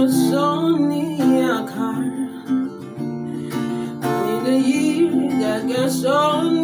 you're so near, car. I a year that gets so